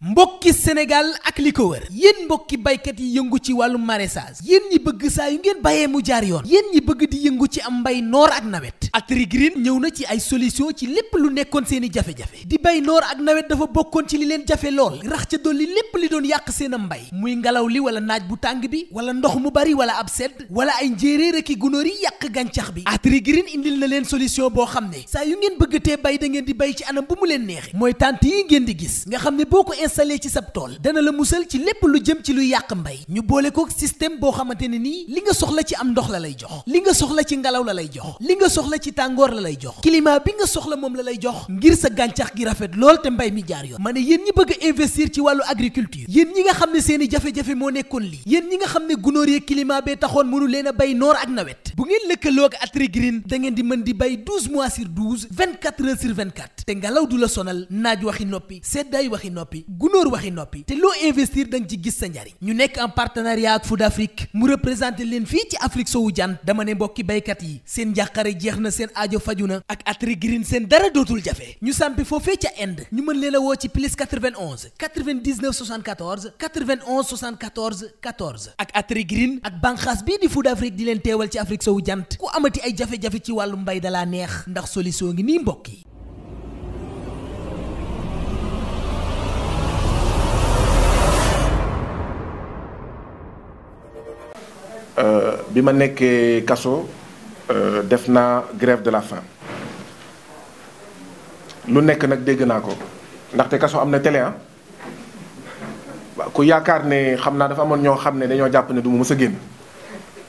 mbokki Sénégal ak li ko wër yéen mbokki baykat yi yëngu ci wàllu maraîchage yéen ñi bëgg saa yu ngeen bayee mu jaar yoon yéen ñi bëgg di yëngu ci am mbay noor ak nawet Agrigreen ñëw na ci ay solution ci lépp lu nekkoon seeni jafe-jafe di bay noor ak nawet dafa bokkoon ci li leen jafe lool rax ca dolli lépp li doon yàq seen a mbay muy ngelaw li wala naaj bu tàng bi wala ndox mu bari wala ab sedd wala ay njéeréer ak i gunóor yi yàq gàncax bi Agrigreen indil na leen solution boo xam ne saa yu ngeen bëgg tee bay da ngeen di bay ci anam bu leen neexe mooy tànt yi ngeen di gis xam installé ci sab tool dana la musal ci lépp lu jëm ci luy yàq mbay ñu boole ko système boo xamante ne nii li nga soxla ci am ndox la lay jox li nga soxla ci ngelaw la lay jox li nga soxla ci tàngoor la lay jox climat bi nga soxla moom la lay jox ngir sa gàncax gi rafet lool te mbay mi jaar yoon ma ne yéen ñi bëgg a investir ci wàllu agriculture yéen ñi nga xam ne seeni jafe-jafe moo nekkoon lii yéen ñi nga xam ne gunóor yee climat bee taxoon mënu leen a bay noor ak nawet bu ngeen lëkkaloo ak Atri Green da ngeen di mën di bay 12 mois sur 12 24 heures sur 24 te ngelaw du la sonal naaj waxi noppi seddaay waxi noppi gunóor waxi noppi te loo investir da nga ci gis sa njariñ ñu nekk en partenariat ak Food Afrique mu représente leen fii ci Afrique sowu jan dama ne mbokki baykat yi seen njàqare jeex na seen aajo faju na ak Atri Green seen dara dootul jafe ñu sampi foofee ca Inde ñu mën leen a woo ci plus 91 99 74 91 74 14 ak Atri Green ak banqaas bii di Food Afrique di leen teewal ci Afrique sowu jant ku amati ay jafe-jafe ci wàllu mbay dalaa neex ndax solution ngi nii mbokk yi bi ma nekkee kaso euh, def naa grève de la faim lu nekk nag dégg naa ko ndaxte kaso am na télé ah ku yaakaar ne xam naa dafa amoon ñoo xam ne dañoo jàpp ne du ma a génn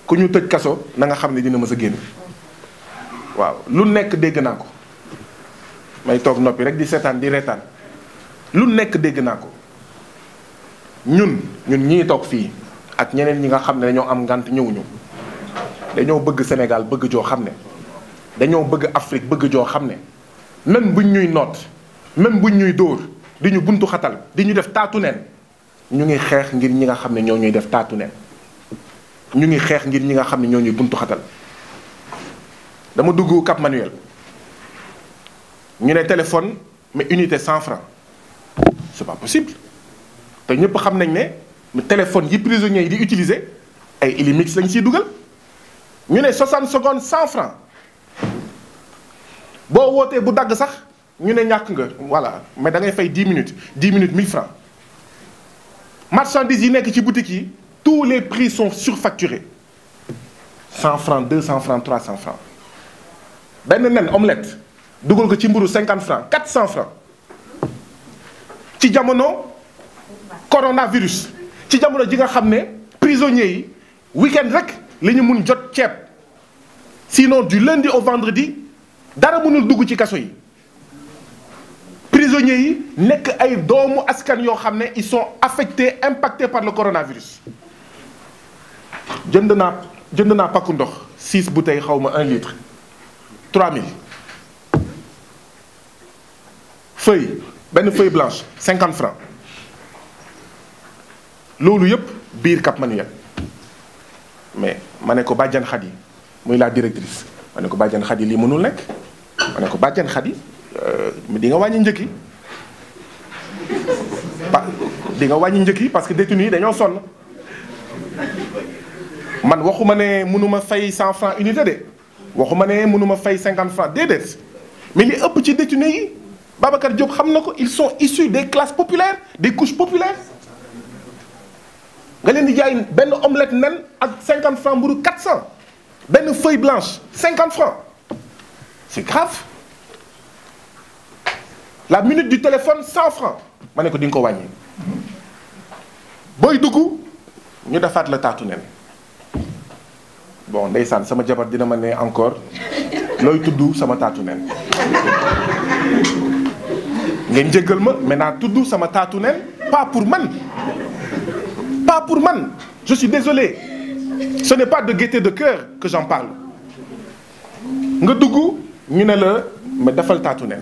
ku ñu tëj kaso na nga xam ne dina mës a génn waaw lu nekk dégg naa ko may toog noppi rek di seetaan di reetaan lu nekk dégg naa ko ñun ñun ñii toog fii ak ñeneen ñi nga xam ne dañoo am ngànt ñëwuñu dañoo bëgg Sénégal bëgg joo xam ne dañoo bëgg Afrique bëgg joo xam ne même buñ ñuy noot même buñ ñuy dóor di ñu buntu xatal di ñu def taatu neen ñu ngi xeex ngir ñi nga xam ne ñoo ñuy def taatu neen ñu ngi xeex ngir ñi nga xam ne ñoo ñuy buntu xatal dama dugg Cap Manuel ñu ne téléphone mais unité 100 francs c'est pas possible te ñëpp xam nañ ne téléphone yi prisonniers yi di utiliser ay Illimix lañ siy dugal. Nous, 60 secondes 100 francs Si vous bu vous sax ñu ne vous nga voilà mais da ngay 10 minutes 10 minutes 1000 francs marchandises yi boutique tous les prix sont surfacturés 100 francs 200 francs 300 francs Ben une omelette Vous ko 50 francs 400 francs ci coronavirus ci j'ai ji prisonnier. week-end liñu mën jot ceeb sinon du lundi au vendredi dara mënul ci yi prisonniers yi sont ay doomu askan ils sont affectés impactés par le coronavirus Je naa jënd 6 bouteilles 1 litre 3 000 feuilles, une feuille blanche 50 francs L'eau, yëpp biir cap manuel mais je suis la directrice Maneko ne ko pas je mënul ma khadi euh mi di nga di nga parce que détenus son man waxuma ne mënuma fay 100 francs unité dé waxuma fay mais li ëpp ci détenus yi Babacar Diop xamna ko ils sont issus des classes populaires des couches populaires nga une omelette à 50 francs pour 400 Une feuille blanche 50 francs c'est grave la minute du téléphone 100 francs Je ne ko pas. nga ko est booy dugg ñu defaat la bon ndeysaan ça jabar dina ma encore L'œil tout doux, ça m'a ngeen jéggal ma tout doux, sama m'a tatouage, pas pour moi. Pas pour moi, Je suis désolé. Ce n'est pas de gaieté de cœur que j'en parle. nga dugg ñu ne la ma defal taatu neen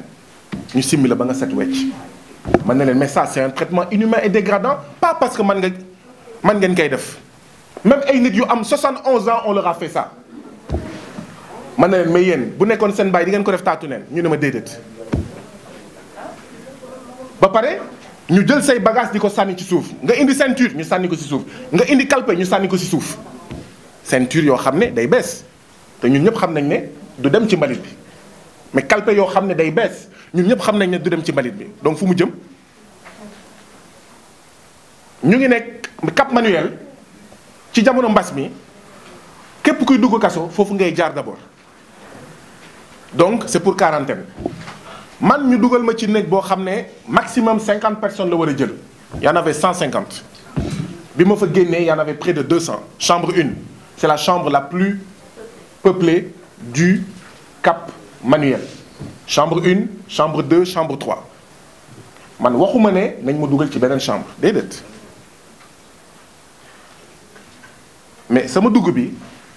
ñu simmi la ba nga set man ne mais ça c'est un traitement inhumain et dégradant pas parce que man nga man ngeen kay def même ay nit yu am 71 ans on leur a fait ça man ne leen mais yeen, bu nekkoon sen bay di ngeen ko def ñu ne ma déedéet ba paré, ñu jël say bagage di ko ci suuf nga ceinture ñu sommes ko ci Nous avons indi calpe ñu sommes ko ci ceinture yoo xam day bees des ñun ñëpp xam nañ ne du dem ci bi mais calpe nous xam day bees ñun ñëpp xam du dem ci donc nous jëm ñu ngi le Cap Manuel ci jamono mi képp kuy dugg ngay d'abord donc c'est pour quarantaine man ñu ma ci maximum 50 personnes Il jël y en avait 150. bi ma fa y en avait près de 200. chambre une c'est la chambre la plus peuplée du Cap Manuel chambre 1, chambre 2, chambre 3. man waxuma ne nañ ma dugal ci beneen chambre mais sama dugg bi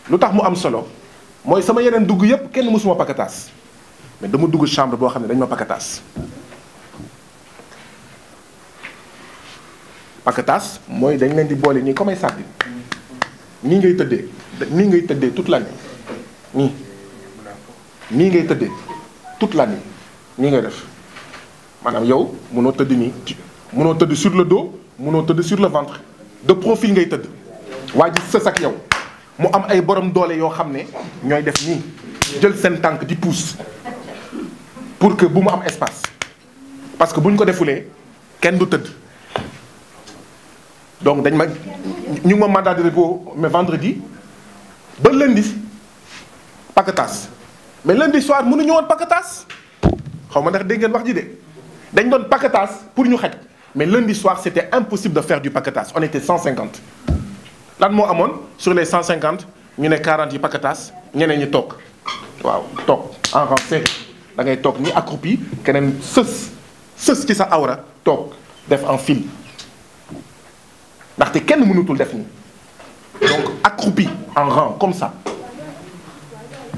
lu tax mu am solo mooy sama yeneen dugg yépp kenn mais dama dugg chambre boo xam ne dañ ma pakataas pakataas mooy dañ leen di boole nii comme ay sardine nii ngay tëddee nii ngay tëddee toute l'année nii nii ngay tëddee toute l'année nii ngay def maanaam yow mënoo tëdd nii mënoo sur le dos mënoo tëdd sur le ventre de profil ngay tëdd waa ji sës yow mu am ay borom ne def nii jël seen di pousse pour que bu mu am espace parce que si ñu ko defulee pas, du donc nous ma ñu ma mandat de dépôt mais vendredi Le lundi tasse. mais lundi soir nous pas paquetage tasse. Je ndax que ngeen wax ji Nous pas un tasse pour nous faire. mais lundi soir c'était impossible de faire du paquetas. on était 150 Là, nous avons sur les 150 nous avons 40 yi Nous avons ñi waaw en rang da ngay toog ni accroupi keneen sës sës ci sa awra toog def en fil ndaxte kenn mënutul def ni donc accroupi en rang comme ça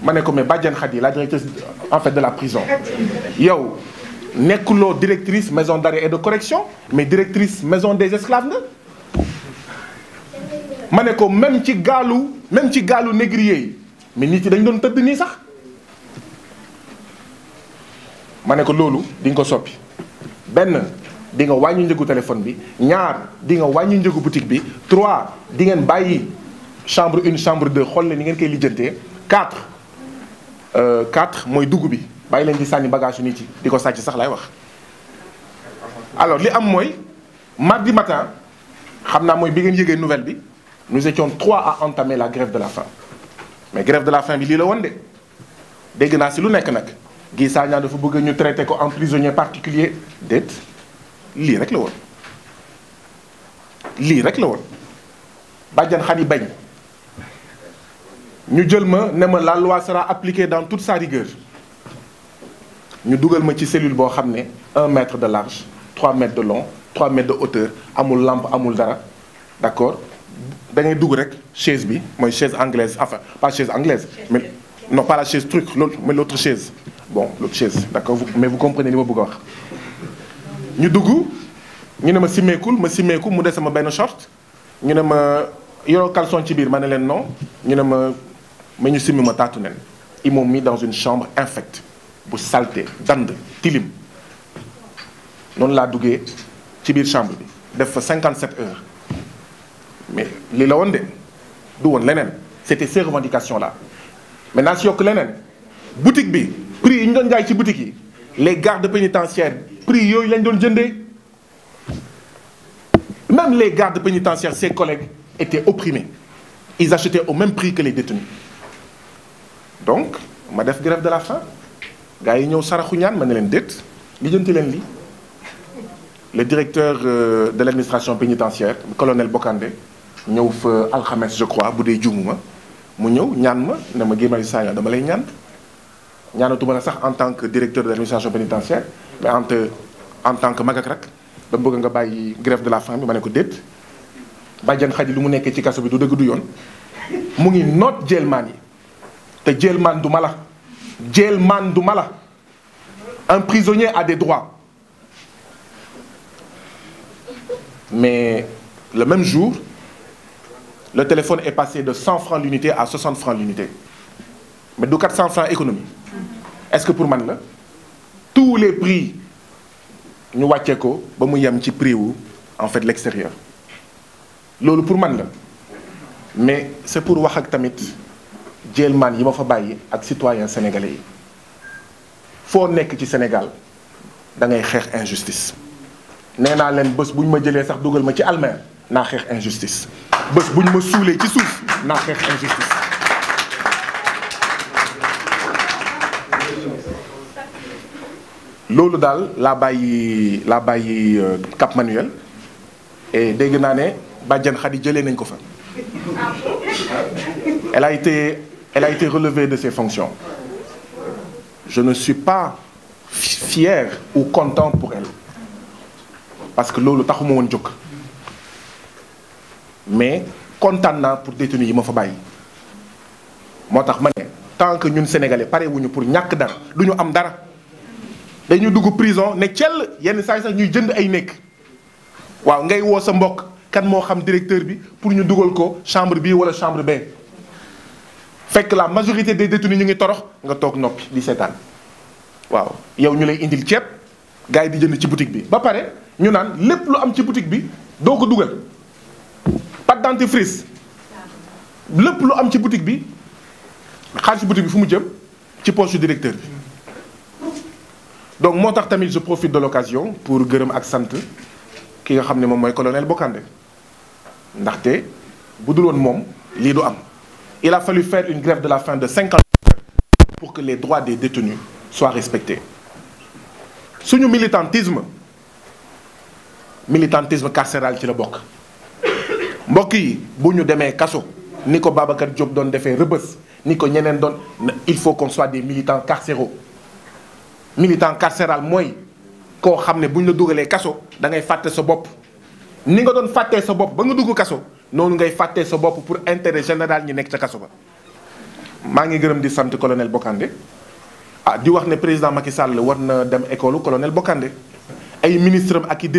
ma ne ko mais Badiane Khady la directrice en fait de la prison yow nekkuloo directrice maison d'arrêt et de correction mais directrice maison des esclaves nga ma ne ko même ci gaalu même ci gaalu négrier yi mais nit yi dañ doon tëdd nii sax mané ko lolou di soppi ben di nga téléphone bi ñaar di nga wañu boutique bi trois di ngeen bayyi chambre une chambre deux ni ngeen koy quatre euh, quatre moy dugg bi bagage sax lay wax alors li am mardi matin xamna moy bi ngeen yégué nouvelle nous étions trois à entamer la grève de la faim mais grève de la faim bi li la Guy ne dafa bëgg ñu traité ko en prisonnier particulier déet lii rek la woon lii rek la woon bàjjan xani bañ ñu jël ma ne ma la loi sera appliquée dans toute sa rigueur ñu dugal ma ci cellule boo xam ne un mètre de large 3 mètres de long 3 mètres de hauteur amul lampe amul dara d'accord da ngay dugg rek chaise bi mooy chaise anglaise enfin pas chaise anglaise mais non pas la chaise truc mais l'autre chaise bon l'autre chaise d'accord mais vous comprenez les ma Nous sommes tous ñu sommes ñu nous ma ma sommes mu sama short sommes ne nous caleçon ci non nous sommes ils m'ont mis dans une chambre infecte pour saleté Nous tilim tous les duggee ci chambre il def 57 heures mais les la woon de c'était ces revendications là. Mais si yokk leneen boutique bi prix yi ñu boutique les gardes pénitentiaires prix même les gardes pénitentiaires ses collègues étaient opprimés ils achetaient au même prix que les détenus donc ma def grève de la faim gars yi ñëw saraxu ñaan le directeur euh, de l'administration pénitentiaire colonel Bokandé ñëw fa alxames je crois bu dee mu ñëw ñaan ma ne ma Guy Marius dama lay ñaan ñaanatuma la sax en tant que directeur de l'administration pénitentiaire mais en en tant que mag ak ba bëgg nga bàyyi grève de la femme, bi ma ne ko déet bàjjan xaj lu mu nekkee ci kaso bi du dëgg du yoon mu ngi noot jéelmaan yi te jéelmaan du mala jéelmaan du mala un prisonnier a des droits mais le même jour le téléphone est passé de 100 francs l'unité à 60 francs l'unité mais de 400 francs économie est-ce que pour moi, tous les prix nous avons ko ba mu prix en fait l'extérieur C'est pour moi. mais c'est pour wax ak tamit Djelman, yi ma fa citoyens sénégalais Il faut que ci Sénégal da ngay injustice nee naa leen naa injustice bés buñ ma suulee ci souf naa injustice. loolu dal la bàyyi la bàyyi euh, Cap Manuel et dégg naa ne Badjan Xadi jëlee nañ fa. elle a été elle a été relevée de ses fonctions. je ne suis pas fier ou content pour elle parce que loolu taxuma won jóg mais content pour détenir les fa tant que sommes sénégalais pareil wuñu pour nous nous sommes nous am dara dañu la prison nous sommes yenn les sax ñuy jënd ay nekk waaw ngay directeur pour chambre ou wala chambre fait fekk la majorité des détenus nous ngi torox nga nous noppi di seetaan waaw yow ñu lay indil prison, nous sommes di jënd ci boutique bi ba nous boutique nous pas de dentifrice Le lu am ci boutique bi xaalis boutique bi fu jëm ci directeur donc moi, je profite de l'occasion pour dire ak sant ki nga xam ne colonel Bokandé parce que il a fallu faire une grève de la faim de 50 ans pour que les droits des détenus soient respectés suñu militantisme militantisme carcéral ci le bokk mbokk yi bu ñu kaso Babacar Diop doon défé rebeus niko ñenen ñeneen il faut qu'on soit des militants carcéraux militant carcéral moy. ko xamné ne la dugalee kaso da ngay faté sa bop ni nga doon faté sa bop ba nga dugg kaso nonu ngay faté sa bop pour intérêt général ñi nek ci kaso ba ma ngi gërëm di sante colonel Bokande ah di wax ne président Macky Sall war na dem école colonel Bokandé. ay ministre ak i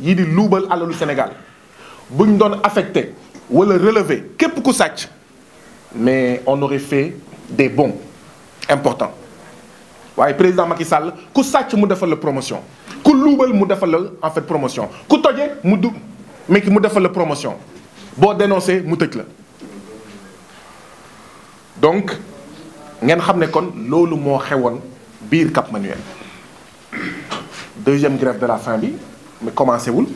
yi di loubal alalu Sénégal pour ñu doon affecté wala relevé képp ku sàcc mais on aurait fait des bons importants Le président Macky Sall ku qu'il mu defal la promotion ku luubal mu defal la en fait promotion ku toje mu du mais mu la promotion Bon dénoncé mu tëj la donc ngeen xam ne kon loolu moo xewoon biir Cap Manuel deuxième grève de la fin... bi mais commencé vous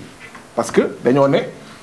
parce que on est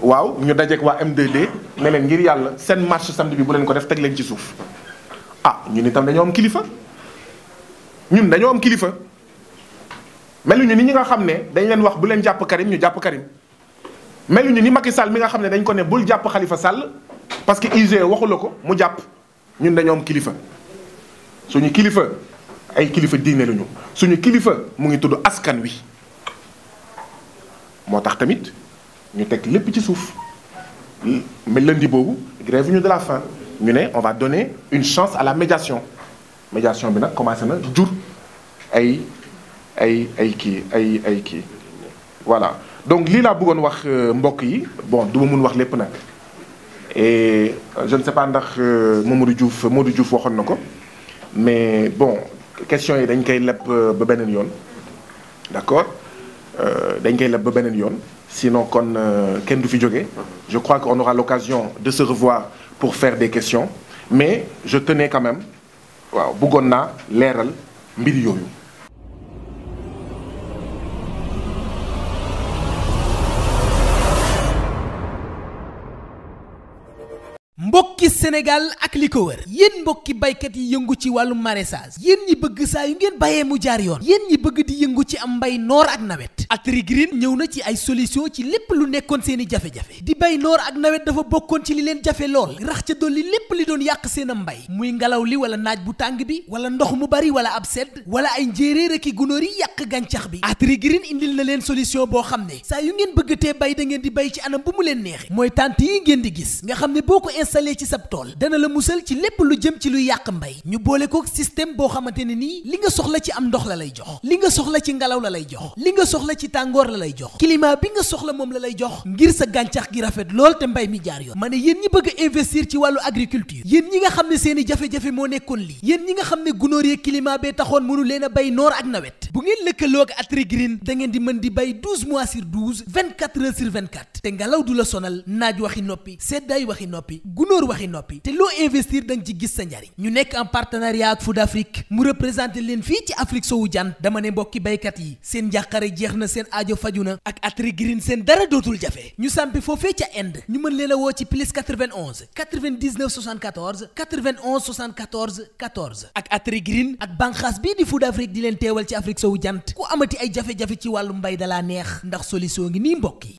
waaw ñu dajeeg waa m 2 ne leen ngir yàlla seen marche samedi bi bu leen ko def teg leen ci suuf ah ñun itam dañoo kilifa ñun dañoom am kilifa meluñu ni ñi nga xam ne dañ leen wax bu leen jàpp Karim ñu jàpp Karim meluñu ni Macky Sall mi nga xam ne dañ ko ne bul jàpp Khalifa sàll parce que IGE waxu la ko mu jàpp ñun dañoom am kilifa suñu kilifa ay kilifa diine lañu suñu kilifa mu ngi tudd askan wi moo tax tamit. ñu teg lépp ci suuf mais lundi boobu grève ñu de la faim ñu ne on va donner une chance à la médiation médiation bi nag commencé na jur ay ay ay kii ay ay kii voilà donc lii la bëggoon wax euh, mbokk yi bon du ma mun wax lépp nag et euh, je ne sais pas ndax euh, Mamadou Diouf Mamadou Diouf waxoon na ko mais bon question yi dañ koy leb ba beneen yoon d'accord dañ koy leb ba beneen yoon sinon qu'on euh, jouer. je crois qu'on aura l'occasion de se revoir pour faire des questions mais je tenais quand même Bougonna, l'air, ci Sénégal ak li ko wër yéen mbokki baykat yi yëngu ci wàllu maraîchage yéen ñi bëgg saa yu ngeen bayee mu jaar yoon yéen ñi bëgg di yëngu ci am mbay noor ak nawet Agri Green ñëw na ci ay solution ci lépp lu nekkoon seen i jafe-jafe di bay noor ak nawet dafa bokkoon ci li leen jafe lool rax ca dolli lépp li doon yàq seen a mbay muy ngelaw li wala naaj bu tàng bi wala ndox mu bari wala ab sedd wala ay njéeréer ak i gunóor yi yàq gàncax bi Agri Green indil na leen solution boo xam ne saa yu ngeen bëggatee bay da ngeen di ci anam bu mu leen neexe mooy tente di gis nga xam ne ko installé ci sab tool dana la musal ci lépp lu jëm ci luy yàq mbay ñu boole ko système boo xamante ne nii li nga soxla ci am ndox la lay jox li nga soxla ci ngelaw la lay jox li nga soxla ci tàngoor la lay jox climat bi nga soxla moom la lay jox ngir sa gàncax gi rafet lool te mbay mi jaar yoon ma ne yéen ñi bëgg a investir ci wàllu agriculture yéen ñi nga xam ne seeni jafe-jafe moo nekkoon lii yéen ñi nga xam ne gunóor yee climat bee taxoon mënu leen a bay noor ak nawet bu ngeen lëkkaloo ak Atri Green da ngeen di mën di bay 12 mois sur 12 24 heures sur 24 te ngelaw du la sonal naaj waxi noppi seddaay waxi noppi gunóor waxi noppi te loo investir da ci gis sa njariñ ñu nekk en partenariat ak Food Afrique mu représenté leen fii ci Afrique sowu jan dama ne mbokki baykat yi seen njàqare jeex na seen aajo faju na ak Atri Green seen dara dootul jafe ñu sampi foofee ca Inde ñu mën leen a woo ci plus 91 99 74 91 74 14 ak Atri Green ak banqaas bii di Food Afrique di leen teewal ci Afrique sowu jant ku amati ay jafe-jafe ci wàllu mbay dalaa neex ndax solution ngi nii mbokk yi